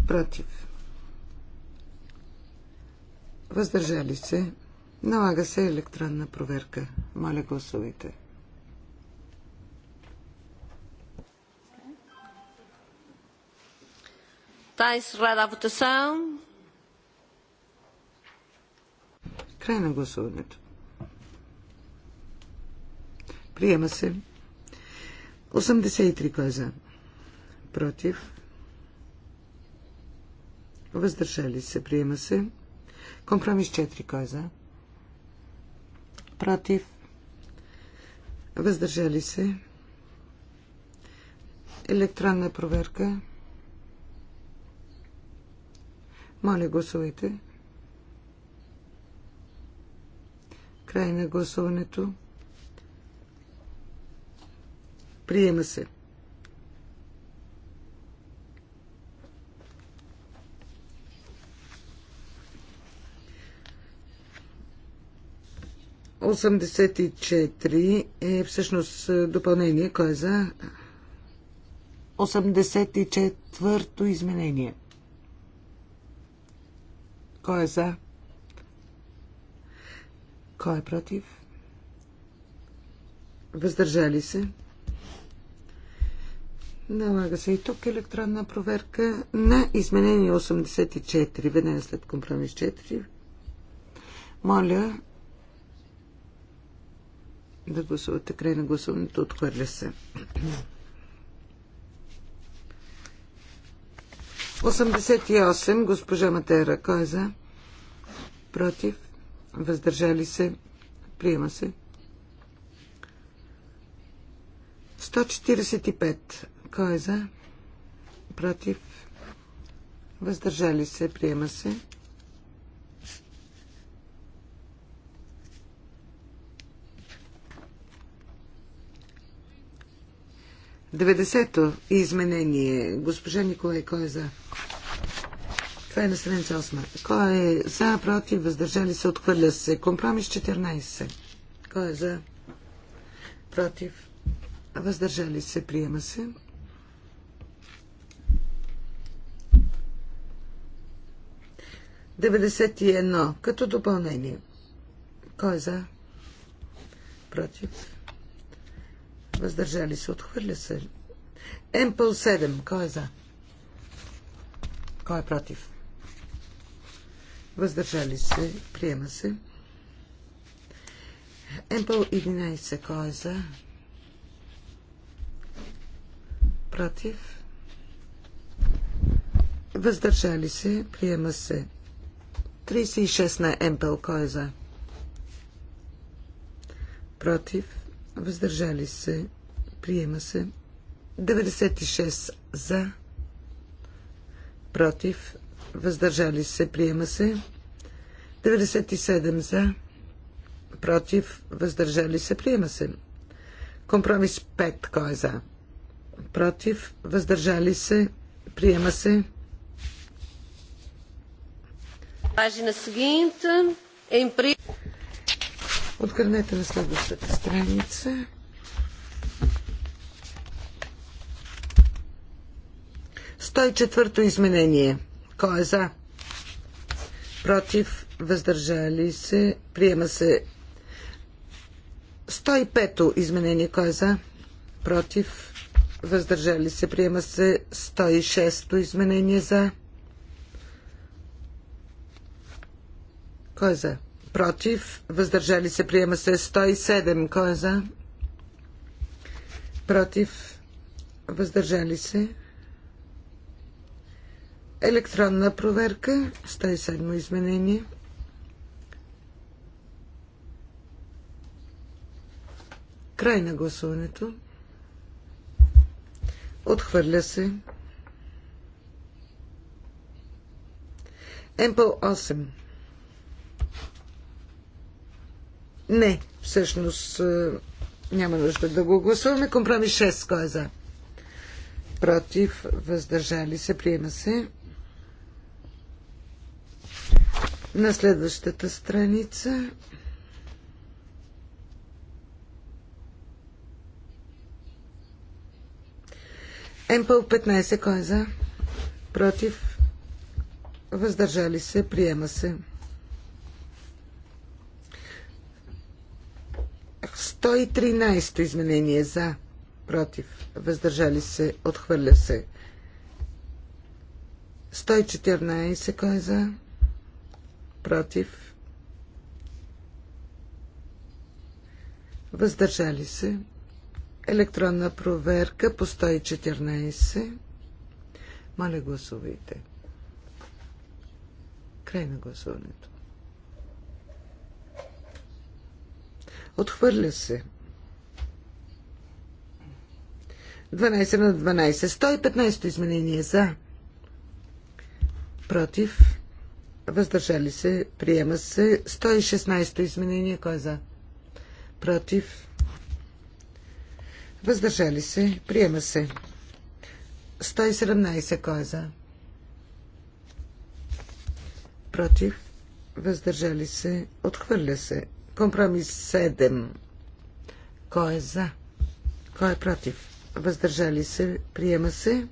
против. Въздържали се. Налага се електронна проверка. Моля, гласувайте. Тай, encerrada a votação. Край на гласуването. Приема се. 83 кой е Против. Въздържали се. Приема се. Компромис 4. Кой е за? Против. Въздържали се. Електронна проверка. Моля, гласувайте. Край на гласуването. Приема се. 84 е всъщност е, допълнение. Кой е за? 84-то изменение. Кой е за? Кой е против? Въздържали се? Налага се и тук електронна проверка на изменение 84, веднага след компромис 4. Моля, да гласувате. Край на гласуването отхвърля се. 88. Госпожа Матера. Кой е за? Против? Въздържали се? Приема се. 145. Кой е за? Против? Въздържали се? Приема се. 90-то изменение. Госпожа Николай, кой е за? Това е на страница 8. Кой е за, против, въздържали се, отхвърля се. Компромис 14. Кой е за, против, въздържали се, приема се. Деведесет и едно, като допълнение. Кой е за? Против. Въздържали се. Отхвърля се. Емпъл 7. Кой е за? Кой е против? Въздържали се. Приема се. Емпъл 11. Кой е за? Против? Въздържали се. Приема се. 36 на Емпъл. Кой е за? Против? въздържали се, приема се. 96 за, против, въздържали се, приема се. 97 за, против, въздържали се, приема се. Компромис 5, кой е за? Против, въздържали се, приема се. Página seguinte, em Откърнете на следващата страница. Сто четвърто изменение. Кой е за? Против? Въздържали се? Приема се 105-то изменение. Кой е за? Против? Въздържали се? Приема се 106-то изменение за? Кой е за? против, въздържали се, приема се 107. Кой е за? Против, въздържали се. Електронна проверка, 107 изменение. Край на гласуването. Отхвърля се. Емпъл 8. Не, всъщност е, няма нужда да го гласуваме. Компромис 6. Кой е за? Против. Въздържали се. Приема се. На следващата страница. МПЛ 15. Кой е за? Против. Въздържали се. Приема се. 113-то изменение за, против, въздържали се, отхвърля се. 114, кой е за? Против. Въздържали се. Електронна проверка по 114. Моля, гласувайте. Край на гласуването. Отхвърля се. 12 на 12. 115 изменение за. Против. Въздържали се. Приема се. 116 изменение. Кой е за? Против. Въздържали се. Приема се. 117. Кой е за? Против. Въздържали се. Отхвърля се. Компромис 7. Кой е за? Кой е против? Въздържали се? Приема се?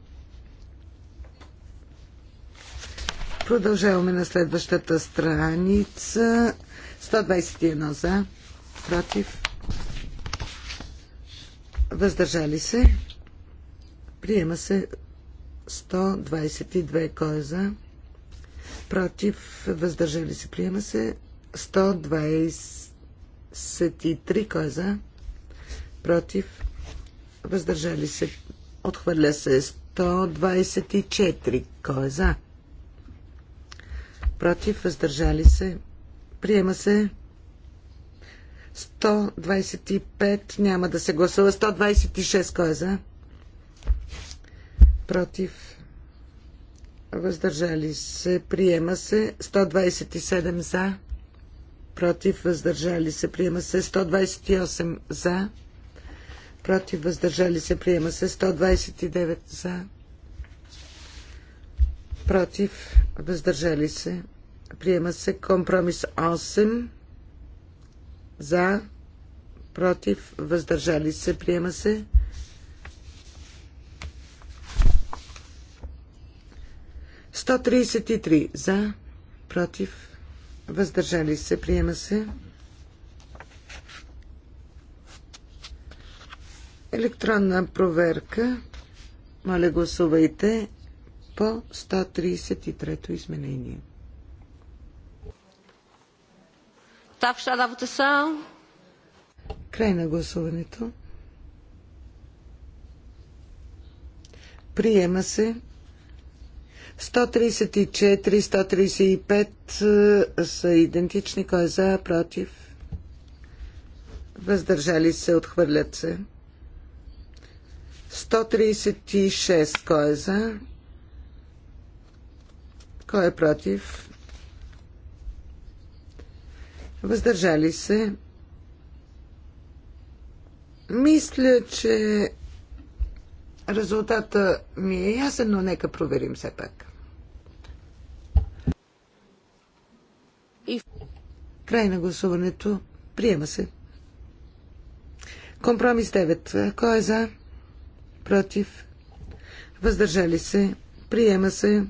Продължаваме на следващата страница. 121 за, против, въздържали се. Приема се 122 кой е за, против, въздържали се. Приема се 120 23. Кой е за? Против. Въздържали се. Отхвърля се 124. Кой е за? Против. Въздържали се. Приема се 125. Няма да се гласува. 126. Кой е за? Против. Въздържали се. Приема се. 127 за против, въздържали се, приема се 128 за, против, въздържали се, приема се 129 за, против, въздържали се, приема се компромис 8 за, против, въздържали се, приема се 133 за, против, Въздържали се. Приема се. Електронна проверка. Моля, гласувайте по 133-то изменение. са. Край на гласуването. Приема се 134, 135 е, са идентични. Кой е за, против? Въздържали се, отхвърлят се. 136. Кой е за? Кой е против? Въздържали се. Мисля, че резултата ми е ясен, но нека проверим все пак. Край на гласуването. Приема се. Компромис 9. Кой е за? Против? Въздържали се? Приема се.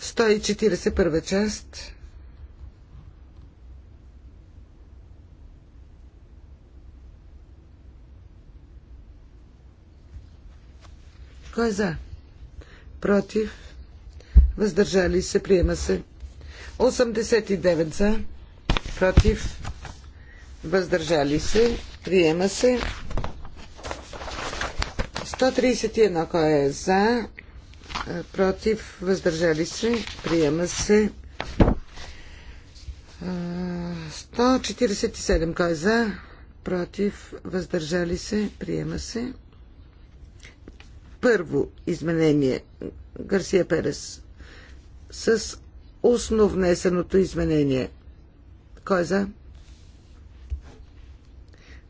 140 първа част. Кой е за? Против? Въздържали се? Приема се. 89 за, против, въздържали се, приема се. 131, кой е за, против, въздържали се, приема се. 147, кой е за, против, въздържали се, приема се. Първо изменение Гарсия Перес с устно внесеното изменение. Кой е за?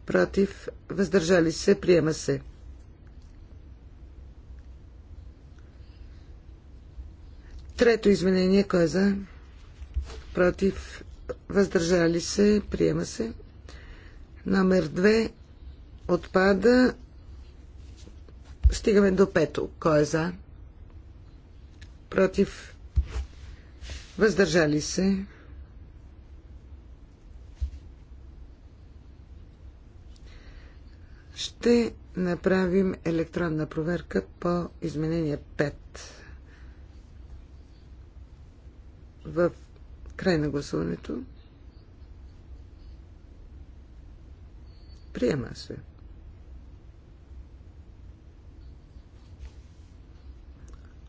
Против. Въздържали се. Приема се. Трето изменение. Кой е за? Против. Въздържали се. Приема се. Номер две отпада. Стигаме до пето. Кой е за? Против въздържали се. Ще направим електронна проверка по изменение 5 в край на гласуването. Приема се.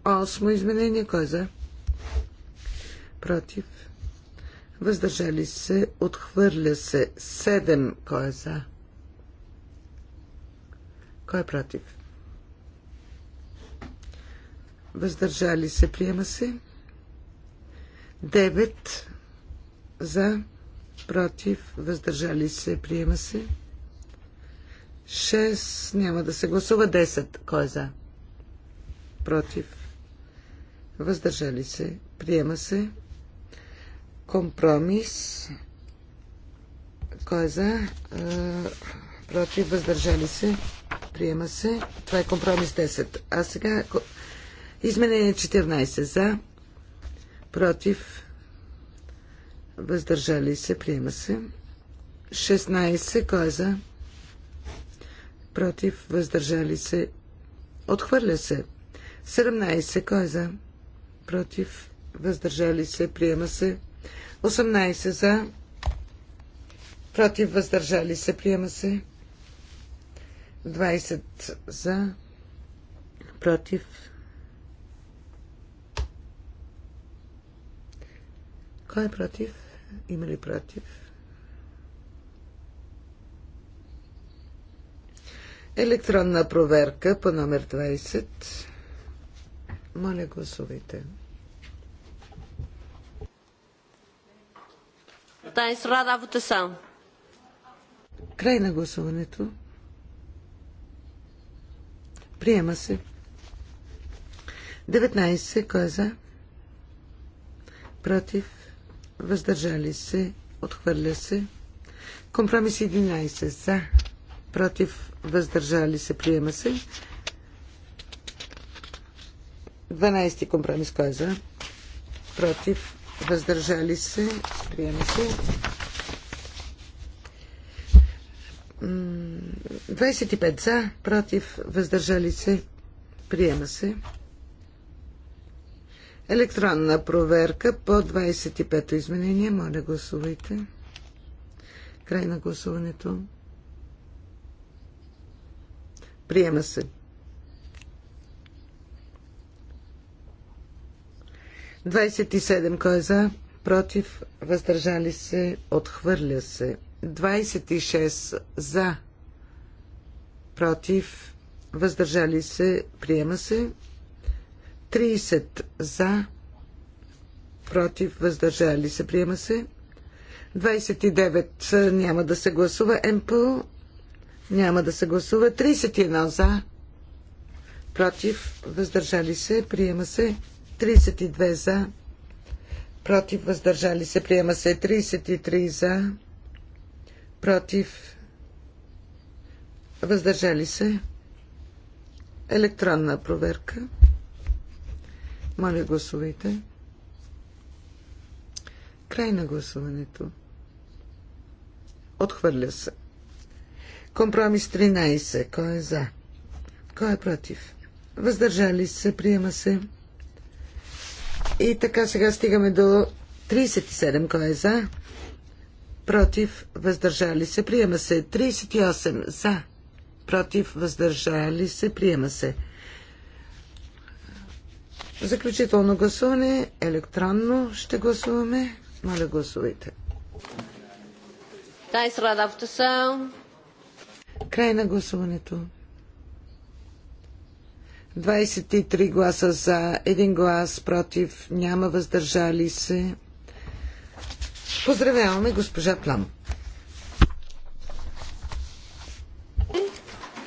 Осмо изменение. Кой е за? против, въздържали се, отхвърля се 7. Кой е за? Кой е против? Въздържали се, приема се. 9 за, против, въздържали се, приема се. 6 няма да се гласува. 10 кой е за? Против. Въздържали се, приема се. Компромис. Кой е за? Против, въздържали се. Приема се. Това е компромис 10. А сега изменение 14 за. Против, въздържали се. Приема се. 16. Кой е за? Против, въздържали се. Отхвърля се. 17. Кой е за? Против, въздържали се. Приема се. 18 за, против, въздържали се, приема се. 20 за, против. Кой е против? Има ли против? Електронна проверка по номер 20. Моля, гласувайте. Está encerrada a votação. Край на гласуването. Приема се. 19. Кой е за? Против. Въздържали се. Отхвърля се. Компромис 11. За. Против. Въздържали се. Приема се. 12. Компромис. Кой е за? Против въздържали се, приема се. 25 за, против, въздържали се, приема се. Електронна проверка по 25-то изменение. Моля, гласувайте. Край на гласуването. Приема се. 27. Кой е за? Против. Въздържали се. Отхвърля се. 26. За. Против. Въздържали се. Приема се. 30. За. Против. Въздържали се. Приема се. 29. Няма да се гласува. МПЛ. Няма да се гласува. 31. За. Против. Въздържали се. Приема се. 32 за, против, въздържали се, приема се 33 за, против, въздържали се. Електронна проверка. Моля, гласувайте. Край на гласуването. Отхвърля се. Компромис 13. Кой е за? Кой е против? Въздържали се, приема се. И така сега стигаме до 37. Кой е за? Против. Въздържали се. Приема се. 38. За. Против. Въздържали се. Приема се. Заключително гласуване. Електронно ще гласуваме. Моля, гласувайте. Край на гласуването. 23 гласа за, 1 глас против, няма въздържали се. Поздравяваме госпожа Плам.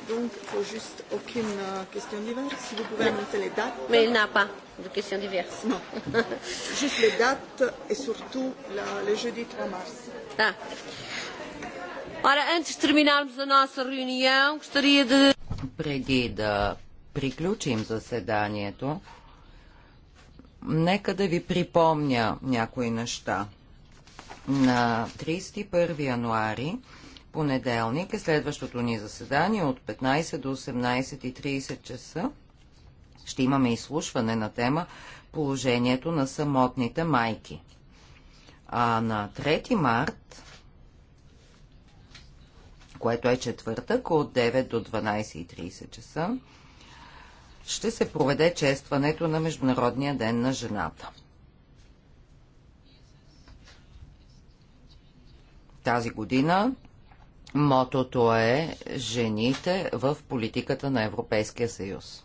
Donc, il faut juste aucune question diverse. Si vous pouvez annoncer les dates. Mais il n'a pas de questions diverses. Non. juste les dates et surtout la, le jeudi 3 mars. Tá. Ora, antes de terminarmos a nossa reunião, gostaria de. Преди да приключим заседанието, нека да ви припомня някои неща. На 31 януари, понеделник, е следващото ни заседание от 15 до 18.30 часа. Ще имаме изслушване на тема положението на самотните майки. А на 3 март, което е четвъртък от 9 до 12.30 часа, ще се проведе честването на Международния ден на жената. Тази година мотото е Жените в политиката на Европейския съюз.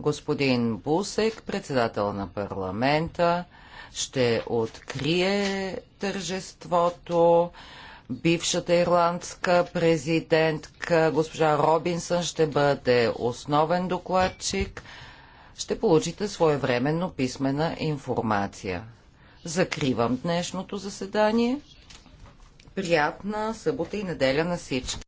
Господин Бусек, председател на парламента, ще открие тържеството бившата ирландска президентка госпожа Робинсън ще бъде основен докладчик. Ще получите своевременно писмена информация. Закривам днешното заседание. Приятна събота и неделя на всички!